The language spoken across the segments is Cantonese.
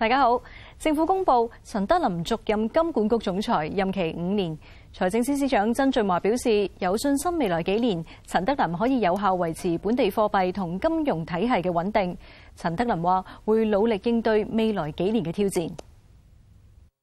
大家好，政府公布陳德霖續任金管局總裁，任期五年。財政司司長曾俊華表示，有信心未來幾年陳德霖可以有效維持本地貨幣同金融體系嘅穩定。陳德霖話會努力應對未來幾年嘅挑戰。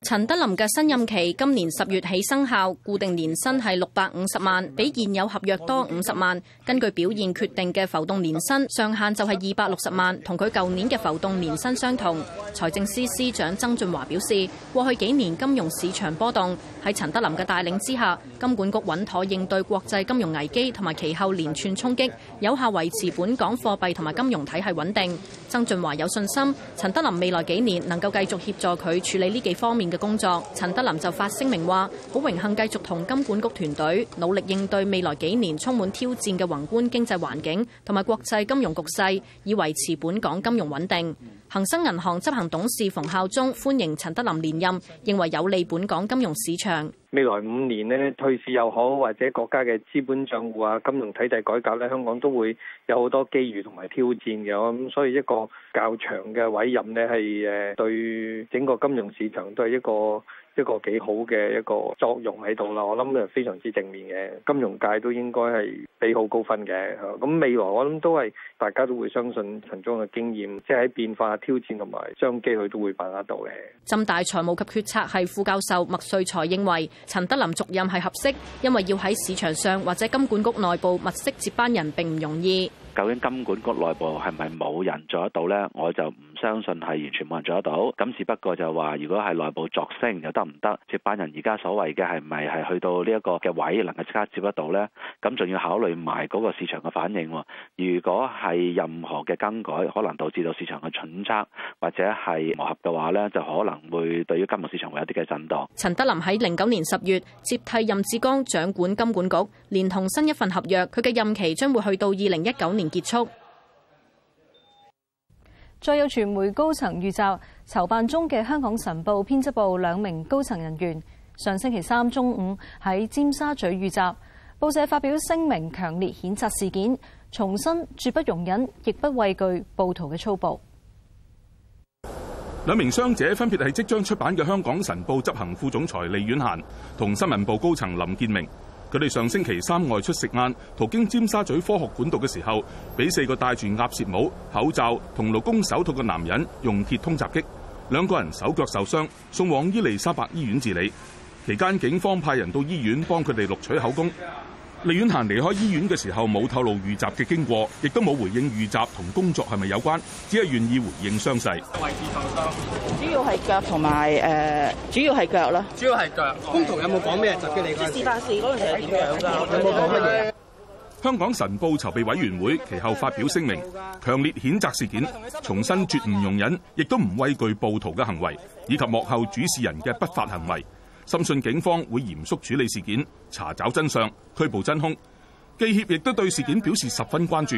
陳德霖嘅新任期今年十月起生效，固定年薪係六百五十萬，比現有合約多五十萬。根據表現決定嘅浮動年薪上限就係二百六十萬，同佢舊年嘅浮動年薪相同。財政司司長曾俊華表示，過去幾年金融市場波動，喺陳德霖嘅帶領之下，金管局穩妥應對國際金融危機同埋其後連串衝擊，有效維持本港貨幣同埋金融體系穩定。曾俊華有信心，陳德霖未來幾年能夠繼續協助佢處理呢幾方面嘅工作。陳德霖就發聲明話：好榮幸繼續同金管局團隊努力應對未來幾年充滿挑戰嘅宏觀經濟環境同埋國際金融局勢，以維持本港金融穩定。恒生銀行執行董事馮孝忠歡迎陳德霖連任，認為有利本港金融市場。未來五年咧，退市又好，或者國家嘅資本賬戶啊、金融體制改革咧，香港都會有好多機遇同埋挑戰嘅。咁所以一個。比較長嘅委任呢，係誒對整個金融市場都係一個一個幾好嘅一個作用喺度啦。我諗就非常之正面嘅，金融界都應該係俾好高分嘅。咁未來我諗都係大家都會相信陳中嘅經驗，即係喺變化、挑戰同埋商機，佢都會把握到嘅。浸大財務及決策系副教授麥瑞才認為，陳德霖續任係合適，因為要喺市場上或者金管局內部物色接班人並唔容易。究竟金管局內部係咪冇人做得到咧？我就唔。相信係完全冇人做得到，咁只不過就話，如果係內部作聲又得唔得？接班人而家所謂嘅係咪係去到呢一個嘅位，能夠即刻接得到呢？咁仲要考慮埋嗰個市場嘅反應。如果係任何嘅更改，可能導致到市場嘅揣測或者係磨合嘅話呢，就可能會對於金融市場會有啲嘅震盪。陳德霖喺零九年十月接替任志剛掌管金管局，連同新一份合約，佢嘅任期將會去到二零一九年結束。再有傳媒高層遇襲，籌辦中嘅《香港晨報》編輯部兩名高層人員上星期三中午喺尖沙咀遇襲，報社發表聲明，強烈譴責事件，重申絕不容忍，亦不畏懼暴徒嘅粗暴。兩名傷者分別係即將出版嘅《香港晨報》執行副總裁李婉嫻同新聞部高層林建明。佢哋上星期三外出食晏，途經尖沙咀科學館道嘅時候，俾四個戴住鴨舌帽、口罩同勞工手套嘅男人用鐵通襲擊，兩個人手腳受傷，送往伊利沙伯醫院治理。期間，警方派人到醫院幫佢哋錄取口供。李婉嫻離開醫院嘅時候冇透露遇襲嘅經過，亦都冇回應遇襲同工作係咪有關，只係願意回應傷勢、呃。主要係腳同埋誒，主要係腳啦。主要係腳。凶徒有冇講咩襲擊你？主持大市嗰陣時係點樣噶？有冇講咩？香港晨報籌備委員會其後發表聲明，強烈譴責事件，重申絕唔容忍，亦都唔畏懼暴徒嘅行為，以及幕後主事人嘅不法行為。深信警方會嚴肅處理事件，查找真相，拘捕真兇。記協亦都對事件表示十分關注，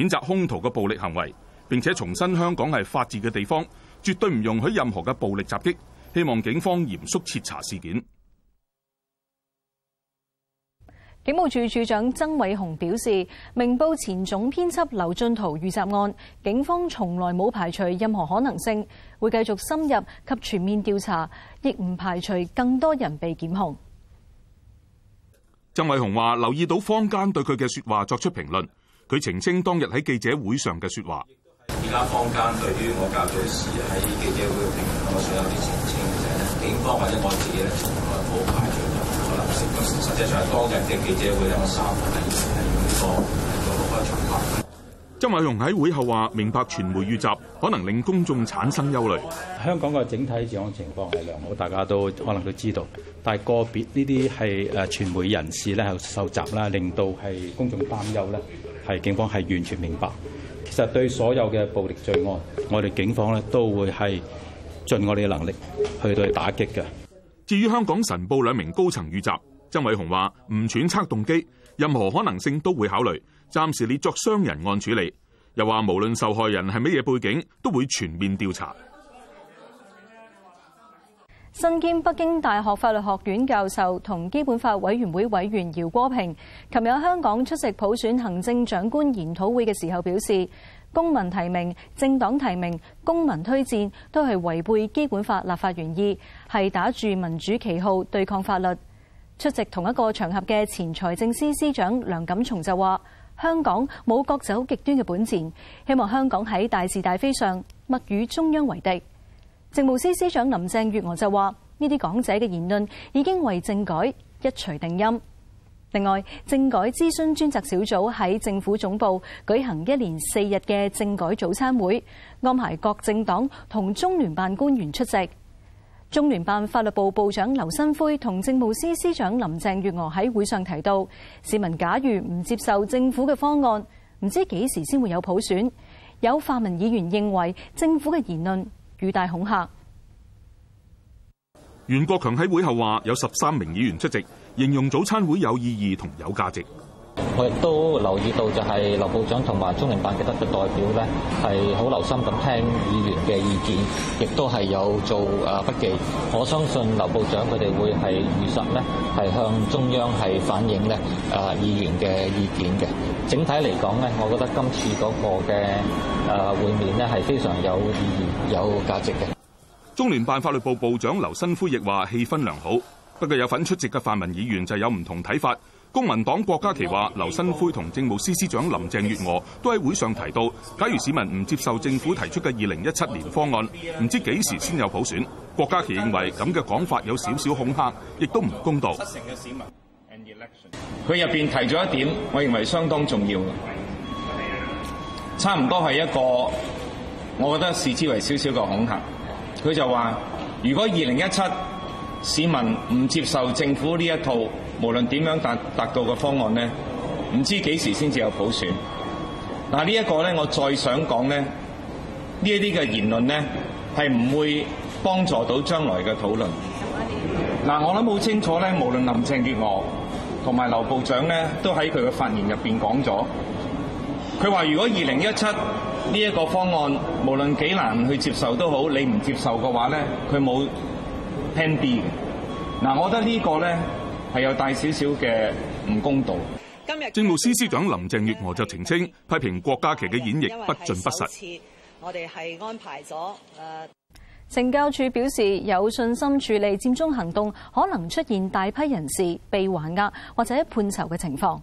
譴責兇徒嘅暴力行為，並且重申香港係法治嘅地方，絕對唔容許任何嘅暴力襲擊。希望警方嚴肅徹查事件。警務處處長曾偉雄表示，明報前總編輯劉進圖遇襲案，警方從來冇排除任何可能性，會繼續深入及全面調查，亦唔排除更多人被檢控。曾偉雄話留意到坊間對佢嘅說話作出評論，佢澄清當日喺記者會上嘅說話。現在坊間對於我的事在記者會上警方或者我自己呢，沒有排除。實際上當日嘅記者會有三、係二、個，場拍。曾偉雄喺會後話：明白傳媒遇襲，可能令公眾產生憂慮。香港嘅整體治安情況係良好，大家都可能都知道。但係個別呢啲係誒傳媒人士咧受襲啦，令到係公眾擔憂咧，係警方係完全明白。其實對所有嘅暴力罪案，我哋警方咧都會係盡我哋嘅能力去到去打擊嘅。至於香港《晨報》兩名高層遇襲，曾偉雄話：唔揣測動機，任何可能性都會考慮。暫時列作傷人案處理，又話無論受害人係乜嘢背景，都會全面調查。身兼北京大學法律學院教授同基本法委員會委員饒戈平，琴日喺香港出席普選行政長官研討會嘅時候表示，公民提名、政黨提名、公民推薦都係違背基本法立法原意，係打住民主旗號對抗法律。出席同一個場合嘅前財政司司長梁錦松就話：香港冇各走極端嘅本錢，希望香港喺大是大非上勿與中央為敵。政務司司長林鄭月娥就話：呢啲港者嘅言論已經為政改一錘定音。另外，政改諮詢專責小組喺政府總部舉行一連四日嘅政改早餐會，安排各政黨同中聯辦官員出席。中聯辦法律部部長劉新魁同政務司司長林鄭月娥喺會上提到，市民假如唔接受政府嘅方案，唔知幾時先會有普選。有泛民議員認為政府嘅言論語帶恐嚇。袁國強喺會後話：有十三名議員出席，形容早餐會有意義同有價值。我亦都留意到，就係劉部長同埋中聯辦記得嘅代表咧，係好留心咁聽議員嘅意見，亦都係有做啊筆記。我相信劉部長佢哋會係如實呢，咧，係向中央係反映咧啊議員嘅意見嘅。整體嚟講咧，我覺得今次嗰個嘅啊會面咧係非常有意義、有價值嘅。中聯辦法律部部長劉新魁亦話氣氛良好，不過有份出席嘅泛民議員就有唔同睇法。公民黨郭家麒話，劉新魁同政務司司長林鄭月娥都喺會上提到，假如市民唔接受政府提出嘅二零一七年方案，唔知幾時先有普選。郭家麒認為咁嘅講法有少少恐嚇，亦都唔公道。佢入邊提咗一點，我認為相當重要，差唔多係一個，我覺得視之為少少嘅恐嚇。佢就話，如果二零一七市民唔接受政府呢一套。無論點樣達達到個方案咧，唔知幾時先至有普選。嗱，呢一個咧，我再想講咧，呢一啲嘅言論咧，係唔會幫助到將來嘅討論。嗱，我諗好清楚咧，無論林鄭月娥同埋劉部長咧，都喺佢嘅發言入邊講咗。佢話：如果二零一七呢一個方案，無論幾難去接受都好，你唔接受嘅話咧，佢冇 Plan B 嘅。嗱，我覺得呢、這個咧。係有大少少嘅唔公道。今日，政務司司長林鄭月娥就澄清，批評郭家麒嘅演繹不盡不實。我哋係安排咗誒。懲教署表示有信心處理佔中行動可能出現大批人士被還押或者判囚嘅情況。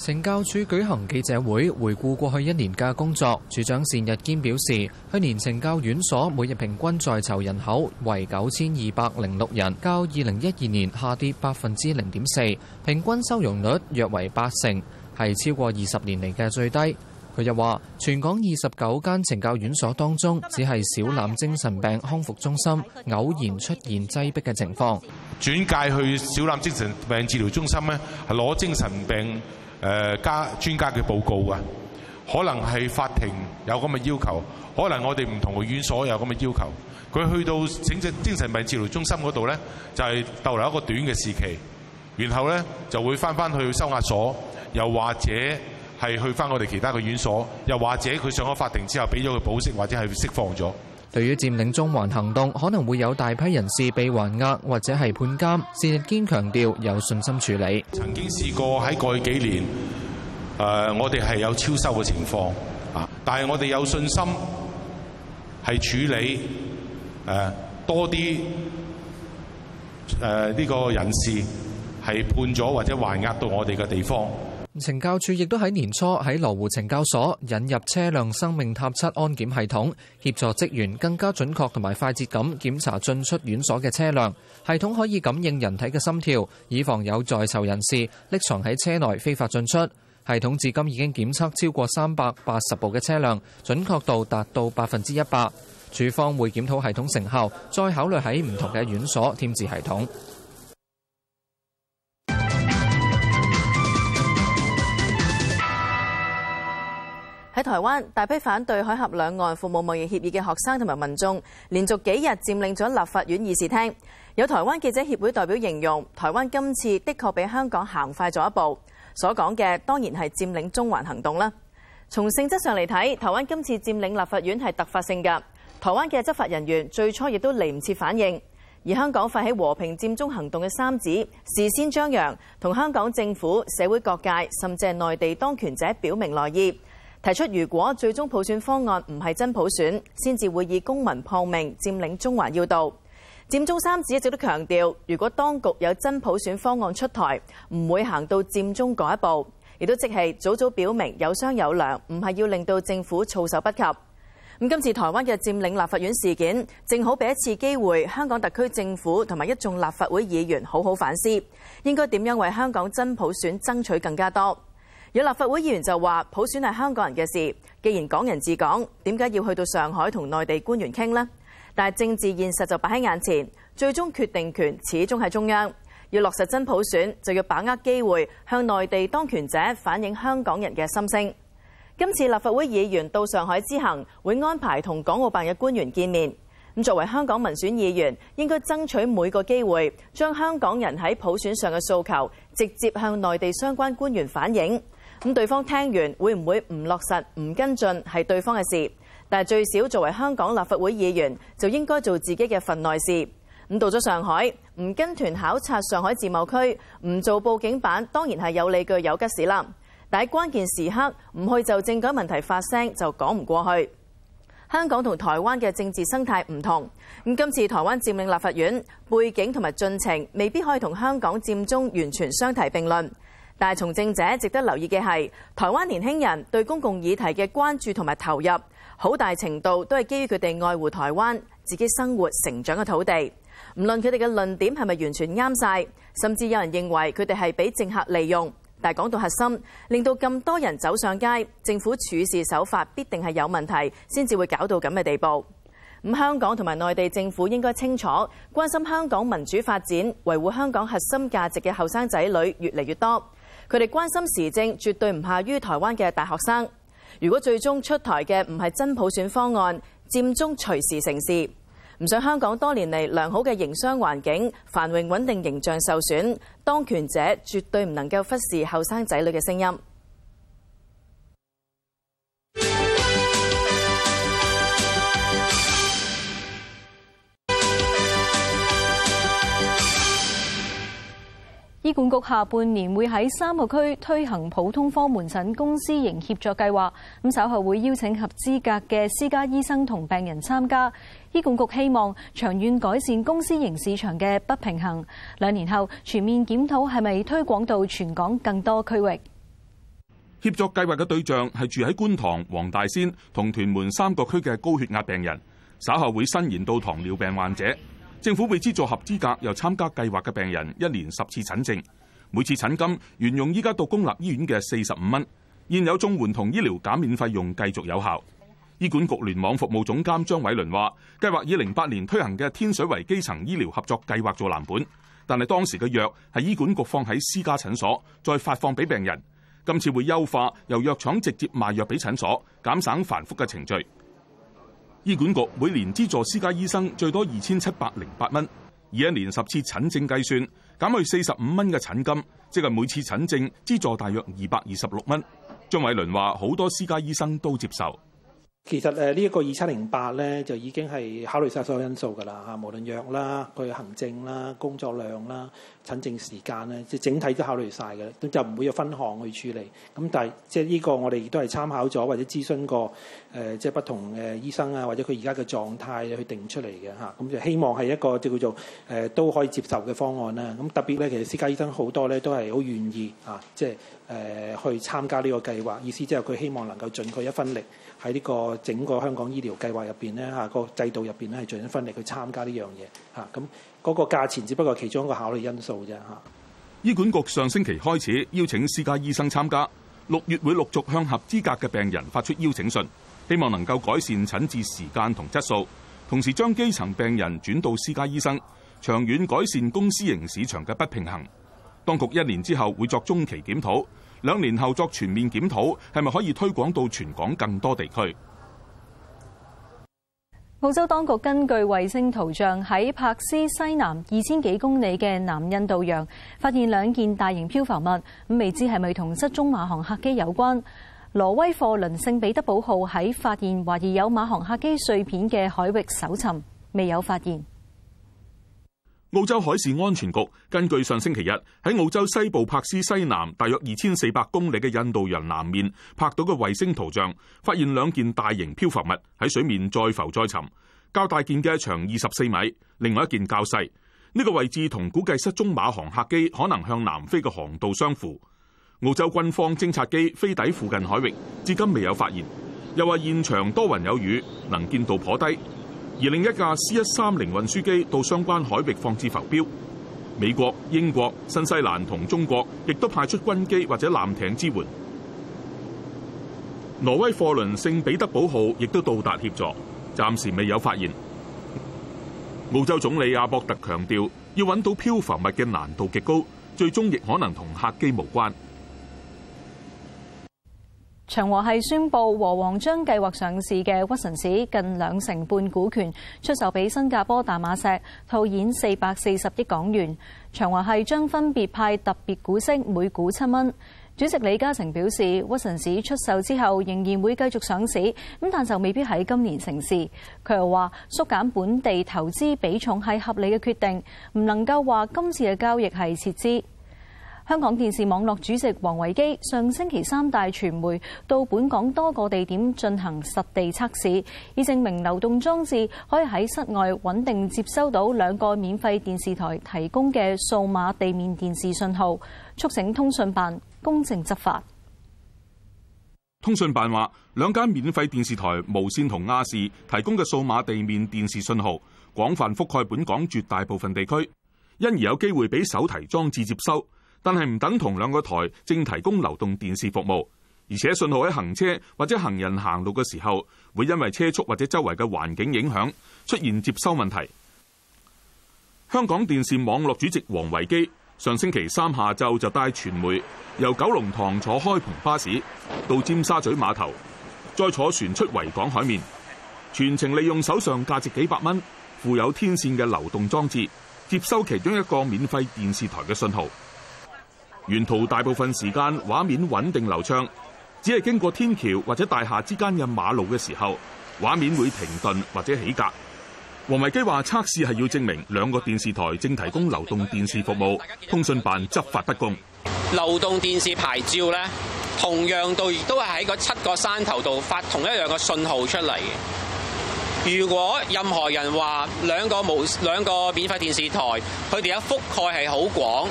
懲教署舉行記者會，回顧過去一年嘅工作。署長單日堅表示，去年懲教院所每日平均在囚人口為九千二百零六人，較二零一二年下跌百分之零點四，平均收容率約為八成，係超過二十年嚟嘅最低。佢又話，全港二十九間懲教院所當中，只係小欖精神病康復中心偶然出現擠迫嘅情況。轉介去小欖精神病治療中心呢係攞精神病。誒家、呃、專家嘅報告啊，可能係法庭有咁嘅要求，可能我哋唔同嘅院所有咁嘅要求。佢去到整隻精神病治療中心嗰度呢，就係逗留一個短嘅時期，然後呢就會翻翻去收押所，又或者係去翻我哋其他嘅院所，又或者佢上咗法庭之後，俾咗佢保釋或者係釋放咗。對於佔領中環行動，可能會有大批人士被還押或者係判監。單日堅強調有信心處理。曾經試過喺過去幾年，誒我哋係有超收嘅情況啊，但係我哋有信心係處理誒多啲誒呢個人士係判咗或者還押到我哋嘅地方。懲教署亦都喺年初喺羅湖懲教所引入車輛生命探測安檢系統，協助職員更加準確同埋快捷咁檢查進出院所嘅車輛。系統可以感應人體嘅心跳，以防有在囚人士匿藏喺車內非法進出。系統至今已經檢測超過三百八十部嘅車輛，準確度達到百分之一百。署方會檢討系統成效，再考慮喺唔同嘅院所添置系統。喺台灣，大批反對《海峽兩岸服務貿易協議》嘅學生同埋民眾，連續幾日佔領咗立法院議事廳。有台灣記者協會代表形容，台灣今次的確比香港行快咗一步。所講嘅當然係佔領中環行動啦。從性質上嚟睇，台灣今次佔領立法院係突發性㗎。台灣嘅執法人員最初亦都嚟唔切反應，而香港發起和平佔中行動嘅三子事先張揚，同香港政府、社會各界甚至係內地當權者表明來意。提出，如果最終普選方案唔係真普選，先至會以公民抗命佔領中環要道。佔中三子一直都強調，如果當局有真普選方案出台，唔會行到佔中嗰一步，亦都即係早早表明有商有量，唔係要令到政府措手不及。咁今次台灣嘅佔領立法院事件，正好俾一次機會香港特區政府同埋一眾立法會議員好好反思，應該點樣為香港真普選爭取更加多。有立法會議員就話：普選係香港人嘅事，既然港人治港，點解要去到上海同內地官員傾呢？但係政治現實就擺喺眼前，最終決定權始終係中央。要落實真普選，就要把握機會向內地當權者反映香港人嘅心聲。今次立法會議員到上海之行，會安排同港澳辦嘅官員見面。咁作為香港民選議員，應該爭取每個機會，將香港人喺普選上嘅訴求，直接向內地相關官員反映。咁對方聽完會唔會唔落實唔跟進係對方嘅事，但係最少作為香港立法會議員就應該做自己嘅份內事。咁到咗上海，唔跟團考察上海自貿區，唔做報警版，當然係有理據有吉事啦。但喺關鍵時刻唔去就政改問題發聲，就講唔過去。香港同台灣嘅政治生態唔同，咁今次台灣佔領立法院背景同埋進程未必可以同香港佔中完全相提並論。但係從政者值得留意嘅係台灣年輕人對公共議題嘅關注同埋投入，好大程度都係基於佢哋愛護台灣自己生活成長嘅土地。唔論佢哋嘅論點係咪完全啱晒，甚至有人認為佢哋係俾政客利用。但係講到核心，令到咁多人走上街，政府處事手法必定係有問題，先至會搞到咁嘅地步。咁香港同埋內地政府應該清楚，關心香港民主發展、維護香港核心價值嘅後生仔女越嚟越多。佢哋關心時政，絕對唔下於台灣嘅大學生。如果最終出台嘅唔係真普選方案，佔中隨時成事，唔想香港多年嚟良好嘅營商環境、繁榮穩定形象受損，當權者絕對唔能夠忽視後生仔女嘅聲音。醫管局下半年會喺三個區推行普通科門診公私營協作計劃，咁稍後會邀請合資格嘅私家醫生同病人參加，醫管局希望長遠改善公私營市場嘅不平衡，兩年後全面檢討係咪推廣到全港更多區域。協作計劃嘅對象係住喺觀塘、黃大仙同屯門三個區嘅高血壓病人，稍後會伸延到糖尿病患者。政府會資助合資格又參加計劃嘅病人一年十次診症，每次診金沿用依家到公立醫院嘅四十五蚊。現有綜援同醫療減免費用繼續有效。醫管局聯網服務總監張偉倫話，計劃以零八年推行嘅天水圍基層醫療合作計劃做藍本，但係當時嘅藥係醫管局放喺私家診所再發放俾病人。今次會優化，由藥廠直接賣藥俾診所，減省繁複嘅程序。醫管局每年資助私家醫生最多二千七百零八蚊，以一年十次診症計算，減去四十五蚊嘅診金，即係每次診症資助大約二百二十六蚊。張偉倫話，好多私家醫生都接受。其實誒呢一個二七零八咧就已經係考慮晒所有因素噶啦吓，無論藥啦、佢行政啦、工作量啦、診症時間咧，即係整體都考慮晒嘅，咁就唔會有分項去處理。咁但係即係呢個我哋亦都係參考咗或者諮詢過誒、呃、即係不同嘅醫生啊，或者佢而家嘅狀態去定出嚟嘅吓，咁就希望係一個即係叫做誒、呃、都可以接受嘅方案啦。咁特別咧，其實私家醫生好多咧都係好願意啊，即係誒、呃、去參加呢個計劃，意思即係佢希望能夠盡佢一分力喺呢、這個。整個香港醫療計劃入邊咧，嚇，個制度入邊咧，係盡一分力去參加呢樣嘢嚇咁嗰個價錢只不過其中一個考慮因素啫嚇。醫管局上星期開始邀請私家醫生參加，六月會陸續向合資格嘅病人發出邀請信，希望能夠改善診治時間同質素，同時將基層病人轉到私家醫生，長遠改善公私營市場嘅不平衡。當局一年之後會作中期檢討，兩年後作全面檢討，係咪可以推廣到全港更多地區？澳洲當局根據衛星圖像喺柏斯西南二千幾公里嘅南印度洋發現兩件大型漂浮物，咁未知係咪同失蹤馬航客機有關。挪威貨輪聖彼得堡號喺發現懷疑有馬航客機碎片嘅海域搜尋，未有發現。澳洲海事安全局根據上星期日喺澳洲西部珀斯西南大約二千四百公里嘅印度洋南面拍到嘅衛星圖像，發現兩件大型漂浮物喺水面再浮再沉，較大件嘅長二十四米，另外一件較細。呢個位置同估計失蹤馬航客機可能向南飛嘅航道相符。澳洲軍方偵察機飛抵附近海域，至今未有發現。又話現場多雲有雨，能見度頗低。而另一架 C 一三零運輸機到相關海域放置浮標。美國、英國、新西蘭同中國亦都派出軍機或者艦艇支援。挪威貨輪聖彼得堡號亦都到達協助，暫時未有發現。澳洲總理阿博特強調，要揾到漂浮物嘅難度極高，最終亦可能同客機無關。長和系宣布，和黃將計劃上市嘅屈臣氏近兩成半股權出售俾新加坡淡馬錫，套現四百四十億港元。長和系將分別派特別股息，每股七蚊。主席李嘉誠表示，屈臣氏出售之後仍然會繼續上市，咁但就未必喺今年成事。佢又話，縮減本地投資比重係合理嘅決定，唔能夠話今次嘅交易係撤資。香港電視網絡主席王維基上星期三帶傳媒到本港多個地點進行實地測試，以證明流動裝置可以喺室外穩定接收到兩個免費電視台提供嘅數碼地面電視信號，促請通訊辦公正執法通。通訊辦話，兩間免費電視台無綫同亞視提供嘅數碼地面電視信號廣泛覆蓋本港絕大部分地區，因而有機會俾手提裝置接收。但係唔等同兩個台正提供流動電視服務，而且信號喺行車或者行人行路嘅時候，會因為車速或者周圍嘅環境影響出現接收問題。香港電視網絡主席王維基上星期三下晝就帶傳媒由九龍塘坐開蓬巴士到尖沙咀碼頭，再坐船出維港海面，全程利用手上價值幾百蚊、附有天線嘅流動裝置接收其中一個免費電視台嘅信號。沿途大部分時間畫面穩定流暢，只係經過天橋或者大廈之間嘅馬路嘅時候，畫面會停頓或者起格。王維基話：測試係要證明兩個電視台正提供流動電視服務，通訊辦執法不公。流動電視牌照咧，同樣度亦都係喺個七個山頭度發同一樣嘅信號出嚟嘅。如果任何人話兩個無兩個免費電視台，佢哋嘅覆蓋係好廣。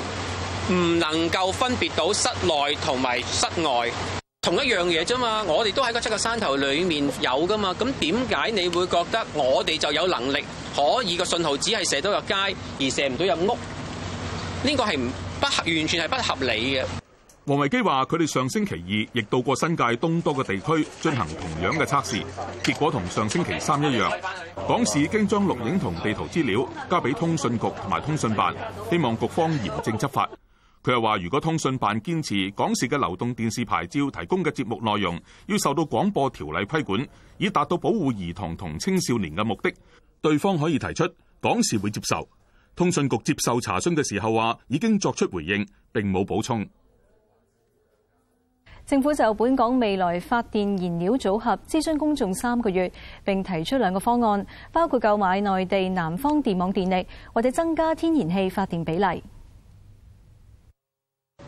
唔能夠分別到室內同埋室外同一樣嘢啫嘛，我哋都喺個七個山頭裏面有噶嘛，咁點解你會覺得我哋就有能力可以個信號只係射到入街而射唔到入屋？呢個係唔，不合，完全係不合理嘅。王維基話：佢哋上星期二亦到過新界東多個地區進行同樣嘅測試，結果同上星期三一樣。港視已經將錄影同地圖資料交俾通訊局同埋通訊辦，希望局方嚴正執法。佢又話，如果通訊辦堅持港視嘅流動電視牌照提供嘅節目內容要受到廣播條例規管，以達到保護兒童同青少年嘅目的，對方可以提出港視會接受。通訊局接受查詢嘅時候話，已經作出回應，並冇補充。政府就本港未來發電燃料組合諮詢公眾三個月，並提出兩個方案，包括購買內地南方電網電力，或者增加天然氣發電比例。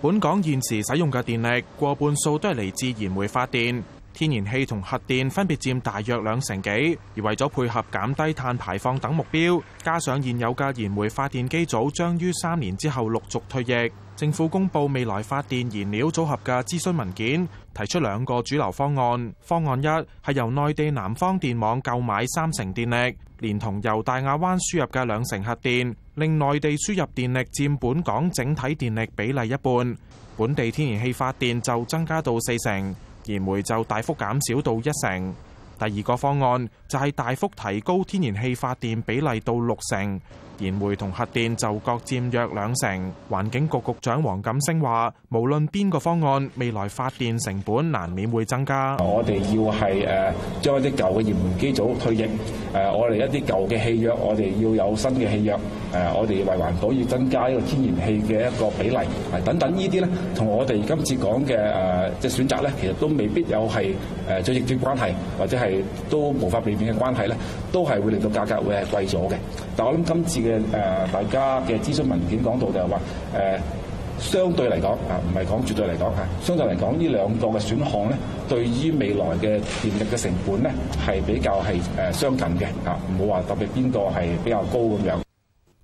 本港現時使用嘅電力，過半數都係嚟自燃煤發電，天然氣同核電分別佔大約兩成幾。而為咗配合減低碳排放等目標，加上現有嘅燃煤發電機組將於三年之後陸續退役。政府公布未來發電燃料組合嘅諮詢文件，提出兩個主流方案。方案一係由內地南方電網購買三成電力，連同由大亞灣輸入嘅兩成核電，令內地輸入電力佔本港整體電力比例一半；本地天然氣發電就增加到四成，燃煤就大幅減少到一成。第二個方案就係大幅提高天然氣發電比例到六成。燃煤同核電就各佔約兩成。環境局局長黃錦星話：無論邊個方案，未來發電成本難免會增加。我哋要係誒將一啲舊嘅燃煤機組退役，誒我哋一啲舊嘅氣約，我哋要有新嘅氣約，誒我哋為環保要增加一個天然氣嘅一個比例，係等等呢啲咧，同我哋今次講嘅誒即係選擇咧，其實都未必有係誒最直接關係，或者係都無法避免嘅關係咧，都係會令到價格會係貴咗嘅。但我諗今次嘅。嘅誒大家嘅諮詢文件講到就係話誒，相對嚟講啊，唔係講絕對嚟講嚇。相對嚟講，呢兩個嘅選項咧，對於未來嘅電力嘅成本呢，係比較係誒相近嘅啊，唔好話特別邊個係比較高咁樣。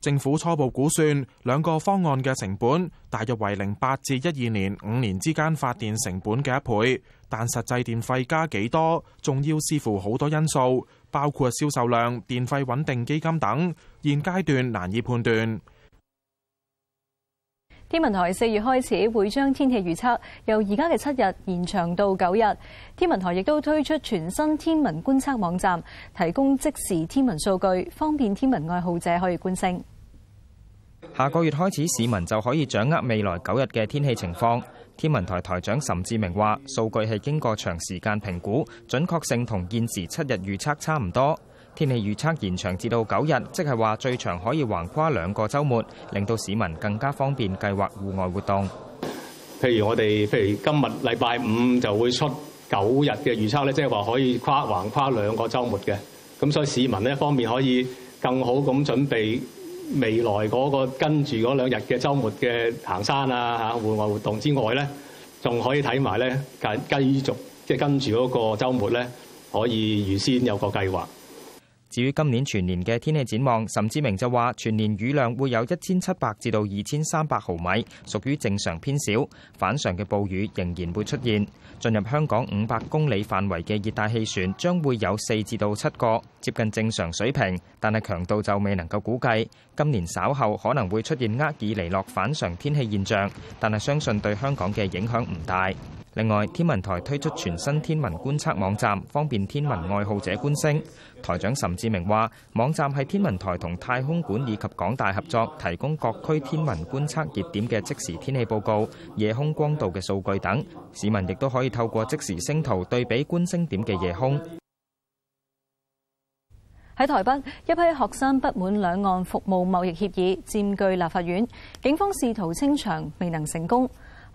政府初步估算兩個方案嘅成本大約為零八至一二年五年之間發電成本嘅一倍，但實際電費加幾多仲要視乎好多因素，包括銷售量、電費穩定基金等。現階段難以判斷。天文台四月開始會將天氣預測由而家嘅七日延長到九日。天文台亦都推出全新天文觀測網站，提供即時天文數據，方便天文愛好者可以觀星。下個月開始，市民就可以掌握未來九日嘅天氣情況。天文台台長岑志明話，數據係經過長時間評估，準確性同現時七日預測差唔多。天氣預測延長至到九日，即係話最長可以橫跨兩個週末，令到市民更加方便計劃戶外活動。譬如我哋譬如今日禮拜五就會出九日嘅預測咧，即係話可以跨橫跨兩個週末嘅。咁所以市民咧方面可以更好咁準備未來嗰個跟住嗰兩日嘅週末嘅行山啊、嚇戶外活動之外咧，仲可以睇埋咧繼繼續即係跟住嗰個週末咧可以預先有個計劃。至於今年全年嘅天氣展望，岑智明就話：全年雨量會有一千七百至到二千三百毫米，屬於正常偏少，反常嘅暴雨仍然會出現。進入香港五百公里範圍嘅熱帶氣旋將會有四至到七個，接近正常水平，但係強度就未能夠估計。今年稍後可能會出現厄爾尼諾反常天氣現象，但係相信對香港嘅影響唔大。另外，天文台推出全新天文觀測網站，方便天文愛好者觀星。台長岑志明話，網站係天文台同太空館以及港大合作，提供各區天文觀測熱點嘅即時天氣報告、夜空光度嘅數據等。市民亦都可以透過即時星圖對比觀星點嘅夜空。喺台北，一批學生不滿兩岸服務貿易協議，佔據立法院，警方試圖清場，未能成功。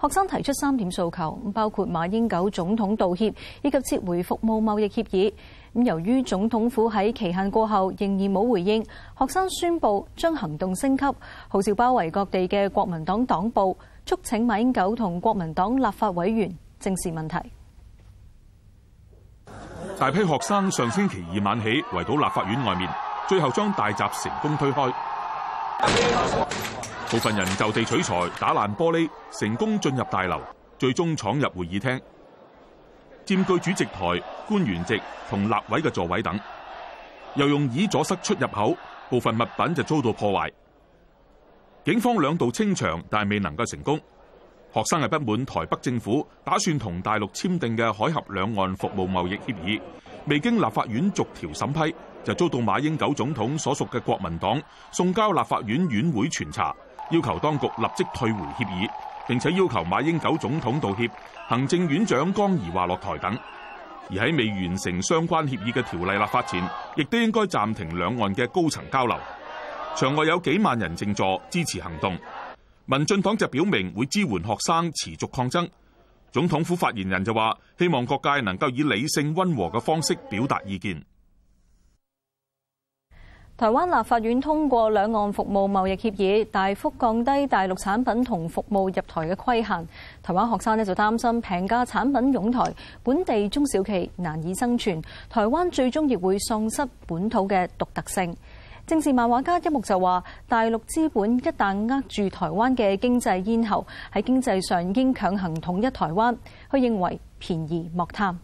學生提出三點訴求，包括馬英九總統道歉以及撤回服務貿易協議。咁由於總統府喺期限過後仍然冇回應，學生宣布將行動升級，號召包圍各地嘅國民黨黨部，促請馬英九同國民黨立法委員正視問題。大批學生上星期二晚起圍到立法院外面，最後將大閘成功推開。部分人就地取材打爛玻璃，成功進入大樓，最終闖入會議廳，佔據主席台、官員席同立委嘅座位等，又用椅阻塞出入口。部分物品就遭到破壞。警方兩度清場，但未能夠成功。學生係不滿台北政府打算同大陸簽訂嘅海峽兩岸服務貿易協議，未經立法院逐條審批就遭到馬英九總統所屬嘅國民黨送交立法院院會存查。要求當局立即退回協議，並且要求馬英九總統道歉、行政院長江宜樺落台等。而喺未完成相關協議嘅條例立法前，亦都應該暫停兩岸嘅高層交流。場外有幾萬人靜坐支持行動，民進黨就表明會支援學生持續抗爭。總統府發言人就話：希望各界能夠以理性溫和嘅方式表達意見。台灣立法院通過兩岸服務貿易協議，大幅降低大陸產品同服務入台嘅規限。台灣學生就擔心平價產品湧台，本地中小企難以生存，台灣最終亦會喪失本土嘅獨特性。政治漫畫家一目就話：大陸資本一旦握住台灣嘅經濟咽喉，喺經濟上已經強行統一台灣。佢認為便宜莫貪。